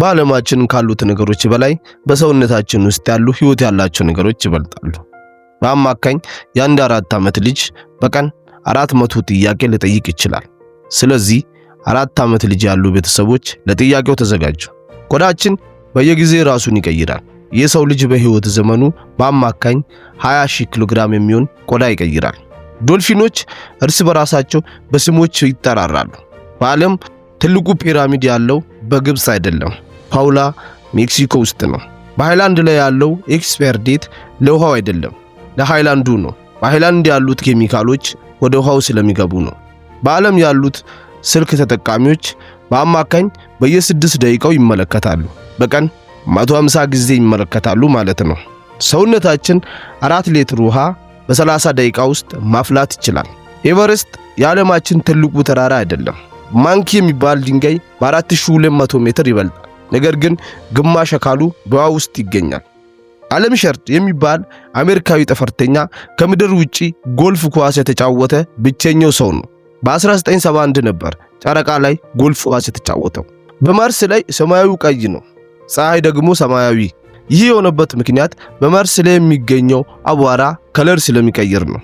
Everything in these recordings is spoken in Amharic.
በዓለማችን ካሉት ነገሮች በላይ በሰውነታችን ውስጥ ያሉ ህይወት ያላቸው ነገሮች ይበልጣሉ። በአማካኝ የአንድ አራት ዓመት ልጅ በቀን አራት መቶ ጥያቄ ሊጠይቅ ይችላል። ስለዚህ አራት ዓመት ልጅ ያሉ ቤተሰቦች ለጥያቄው ተዘጋጁ። ቆዳችን በየጊዜ ራሱን ይቀይራል። የሰው ልጅ በህይወት ዘመኑ በአማካኝ 20 ሺህ ኪሎ ግራም የሚሆን ቆዳ ይቀይራል። ዶልፊኖች እርስ በራሳቸው በስሞች ይጠራራሉ። በዓለም ትልቁ ፒራሚድ ያለው በግብፅ አይደለም፣ ፓውላ ሜክሲኮ ውስጥ ነው። በሃይላንድ ላይ ያለው ኤክስፓየር ዴት ለውሃው አይደለም፣ ለሃይላንዱ ነው። በሃይላንድ ያሉት ኬሚካሎች ወደ ውሃው ስለሚገቡ ነው። በዓለም ያሉት ስልክ ተጠቃሚዎች በአማካኝ በየስድስት ደቂቃው ይመለከታሉ። በቀን 150 ጊዜ ይመለከታሉ ማለት ነው። ሰውነታችን አራት ሊትር ውሃ በ30 ደቂቃ ውስጥ ማፍላት ይችላል። ኤቨረስት የዓለማችን ትልቁ ተራራ አይደለም። ማንኪ የሚባል ድንጋይ በ4200 ሜትር ይበልጣል። ነገር ግን ግማሽ አካሉ በውሃ ውስጥ ይገኛል። አለም ሸርጥ የሚባል አሜሪካዊ ጠፈርተኛ ከምድር ውጪ ጎልፍ ኳስ የተጫወተ ብቸኛው ሰው ነው። በ1971 ነበር ጨረቃ ላይ ጎልፍ ኳስ የተጫወተው። በማርስ ላይ ሰማያዊ ቀይ ነው፣ ፀሐይ ደግሞ ሰማያዊ። ይህ የሆነበት ምክንያት በማርስ ላይ የሚገኘው አቧራ ከለር ስለሚቀይር ነው።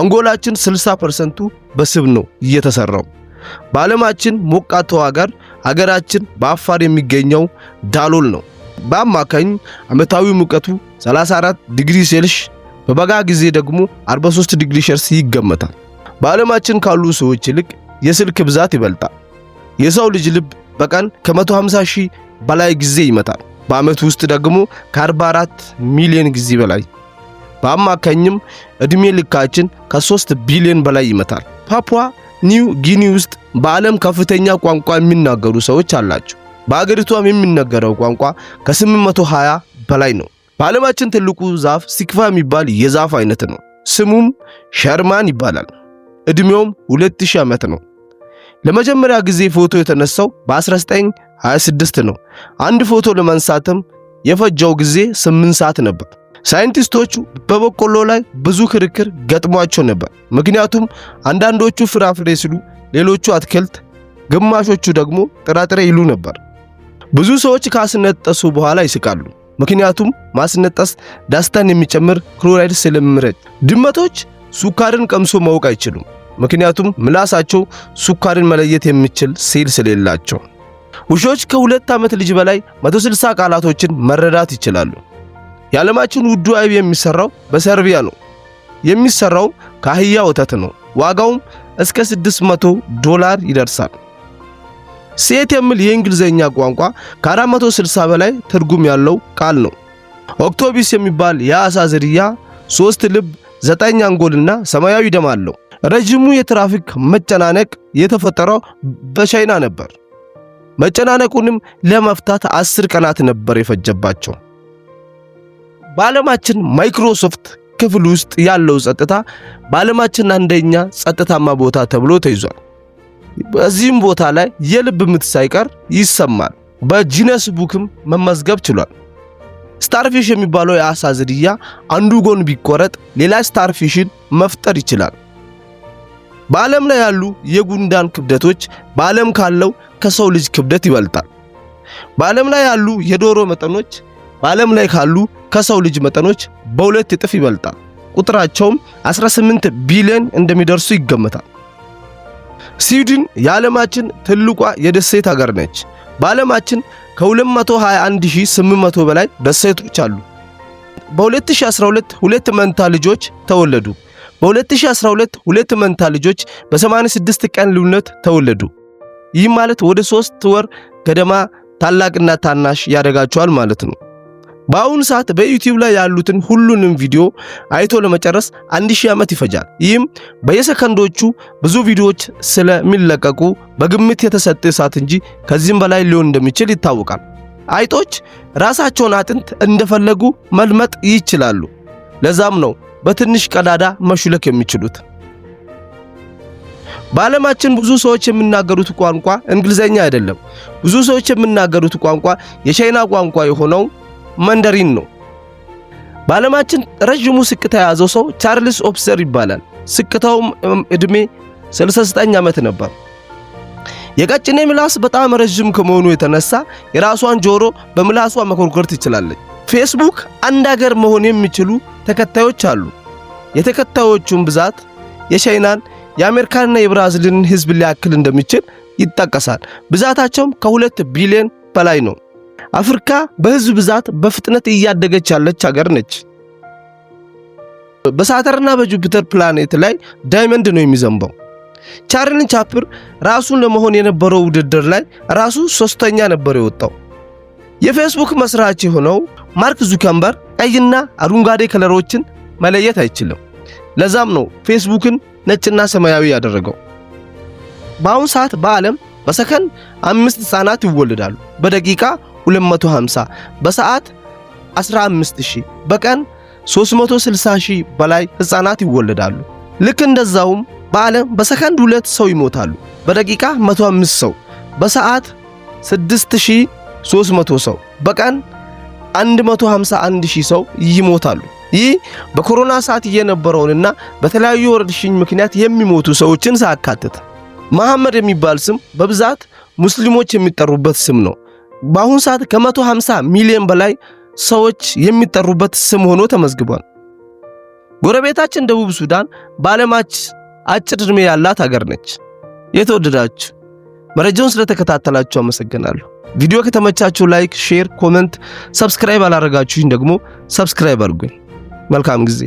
አንጎላችን 60 ፐርሰንቱ በስብ ነው እየተሰራው በዓለማችን ሞቃተዋ ሀገር አገራችን በአፋር የሚገኘው ዳሎል ነው። በአማካኝ ዓመታዊ ሙቀቱ 34 ዲግሪ ሴልሽ በበጋ ጊዜ ደግሞ 43 ዲግሪ ሸርስ ይገመታል። በዓለማችን ካሉ ሰዎች ይልቅ የስልክ ብዛት ይበልጣል። የሰው ልጅ ልብ በቀን ከ150 ሺህ በላይ ጊዜ ይመታል። በዓመት ውስጥ ደግሞ ከ44 ሚሊዮን ጊዜ በላይ በአማካኝም ዕድሜ ልካችን ከ3 ቢሊዮን በላይ ይመታል። ፓፑዋ ኒው ጊኒ ውስጥ በዓለም ከፍተኛ ቋንቋ የሚናገሩ ሰዎች አላቸው። በአገሪቷም የሚነገረው ቋንቋ ከ820 በላይ ነው። በዓለማችን ትልቁ ዛፍ ሲክፋ የሚባል የዛፍ አይነት ነው። ስሙም ሸርማን ይባላል። ዕድሜውም 2000 ዓመት ነው። ለመጀመሪያ ጊዜ ፎቶ የተነሳው በ1926 ነው። አንድ ፎቶ ለመንሳትም የፈጀው ጊዜ 8 ሰዓት ነበር። ሳይንቲስቶቹ በበቆሎ ላይ ብዙ ክርክር ገጥሟቸው ነበር። ምክንያቱም አንዳንዶቹ ፍራፍሬ ሲሉ፣ ሌሎቹ አትክልት፣ ግማሾቹ ደግሞ ጥራጥሬ ይሉ ነበር። ብዙ ሰዎች ካስነጠሱ በኋላ ይስቃሉ። ምክንያቱም ማስነጠስ ደስታን የሚጨምር ክሎራይድ ስለሚረጭ። ድመቶች ሱካርን ቀምሶ ማወቅ አይችሉም። ምክንያቱም ምላሳቸው ሱካርን መለየት የሚችል ሴል ስለሌላቸው። ውሾች ከሁለት ዓመት ልጅ በላይ 160 ቃላቶችን መረዳት ይችላሉ። የዓለማችን ውዱ አይብ የሚሰራው በሰርቢያ ነው። የሚሰራውም ከአህያ ወተት ነው። ዋጋውም እስከ 600 ዶላር ይደርሳል። ሴት የሚል የእንግሊዝኛ ቋንቋ ከ460 በላይ ትርጉም ያለው ቃል ነው። ኦክቶቢስ የሚባል የአሳ ዝርያ ሶስት ልብ፣ ዘጠኝ አንጎልና ሰማያዊ ደም አለው። ረዥሙ የትራፊክ መጨናነቅ የተፈጠረው በቻይና ነበር። መጨናነቁንም ለመፍታት አስር ቀናት ነበር የፈጀባቸው። በዓለማችን ማይክሮሶፍት ክፍል ውስጥ ያለው ጸጥታ በዓለማችን አንደኛ ጸጥታማ ቦታ ተብሎ ተይዟል። በዚህም ቦታ ላይ የልብ ምት ሳይቀር ይሰማል። በጂነስ ቡክም መመዝገብ ችሏል። ስታርፊሽ የሚባለው የአሳ ዝርያ አንዱ ጎን ቢቆረጥ ሌላ ስታርፊሽን መፍጠር ይችላል። በዓለም ላይ ያሉ የጉንዳን ክብደቶች በዓለም ካለው ከሰው ልጅ ክብደት ይበልጣል። በዓለም ላይ ያሉ የዶሮ መጠኖች በዓለም ላይ ካሉ ከሰው ልጅ መጠኖች በሁለት እጥፍ ይበልጣል። ቁጥራቸውም 18 ቢሊዮን እንደሚደርሱ ይገመታል። ስዊድን የዓለማችን ትልቋ የደሴት ሀገር ነች። በዓለማችን ከ221800 በላይ ደሴቶች አሉ። በ2012 ሁለት መንታ ልጆች ተወለዱ። በ2012 ሁለት መንታ ልጆች በ86 ቀን ልዩነት ተወለዱ። ይህ ማለት ወደ ሶስት ወር ገደማ ታላቅና ታናሽ ያደጋቸዋል ማለት ነው። በአሁኑ ሰዓት በዩቲዩብ ላይ ያሉትን ሁሉንም ቪዲዮ አይቶ ለመጨረስ አንድ ሺህ ዓመት ይፈጃል። ይህም በየሰከንዶቹ ብዙ ቪዲዮዎች ስለሚለቀቁ በግምት የተሰጠ ሰዓት እንጂ ከዚህም በላይ ሊሆን እንደሚችል ይታወቃል። አይጦች ራሳቸውን አጥንት እንደፈለጉ መልመጥ ይችላሉ። ለዛም ነው በትንሽ ቀዳዳ መሹለክ የሚችሉት። በዓለማችን ብዙ ሰዎች የሚናገሩት ቋንቋ እንግሊዘኛ አይደለም። ብዙ ሰዎች የሚናገሩት ቋንቋ የቻይና ቋንቋ የሆነው ማንዳሪን ነው። በዓለማችን ረዥሙ ስክታ የያዘው ሰው ቻርልስ ኦፕሰር ይባላል። ስቅታውም ዕድሜ 69 ዓመት ነበር። የቀጭኔ ምላስ በጣም ረዥም ከመሆኑ የተነሳ የራሷን ጆሮ በምላሷ መኮርኮር ትችላለች። ፌስቡክ አንድ አገር መሆን የሚችሉ ተከታዮች አሉ። የተከታዮቹን ብዛት የቻይናን የአሜሪካንና የብራዚልን ሕዝብ ሊያክል እንደሚችል ይጠቀሳል። ብዛታቸውም ከሁለት ቢሊዮን በላይ ነው። አፍሪካ በህዝብ ብዛት በፍጥነት እያደገች ያለች ሀገር ነች። በሳተርና በጁፒተር ፕላኔት ላይ ዳይመንድ ነው የሚዘንበው። ቻርሊ ቻፕር ራሱን ለመሆን የነበረው ውድድር ላይ ራሱ ሶስተኛ ነበር የወጣው። የፌስቡክ መስራች የሆነው ማርክ ዙከምበር ቀይና አረንጓዴ ከለሮችን መለየት አይችልም። ለዛም ነው ፌስቡክን ነጭና ሰማያዊ ያደረገው። በአሁኑ ሰዓት በዓለም በሰከንድ አምስት ህፃናት ይወልዳሉ። በደቂቃ 250 በሰዓት 15000 በቀን 360000 በላይ ህፃናት ይወለዳሉ። ልክ እንደዛውም በዓለም በሰከንድ ሁለት ሰው ይሞታሉ። በደቂቃ 105 ሰው፣ በሰዓት 6300 ሰው፣ በቀን 151000 ሰው ይሞታሉ። ይህ በኮሮና ሰዓት የነበረውንና በተለያዩ ወረርሽኝ ምክንያት የሚሞቱ ሰዎችን ሳያካትት መሐመድ የሚባል ስም በብዛት ሙስሊሞች የሚጠሩበት ስም ነው። በአሁኑ ሰዓት ከ150 ሚሊዮን በላይ ሰዎች የሚጠሩበት ስም ሆኖ ተመዝግቧል። ጎረቤታችን ደቡብ ሱዳን በዓለማች አጭር ዕድሜ ያላት ሀገር ነች። የተወደዳችሁ መረጃውን ስለተከታተላችሁ አመሰግናለሁ። ቪዲዮ ከተመቻችሁ ላይክ፣ ሼር፣ ኮመንት፣ ሰብስክራይብ አላረጋችሁኝ ደግሞ ሰብስክራይብ አድርጉኝ። መልካም ጊዜ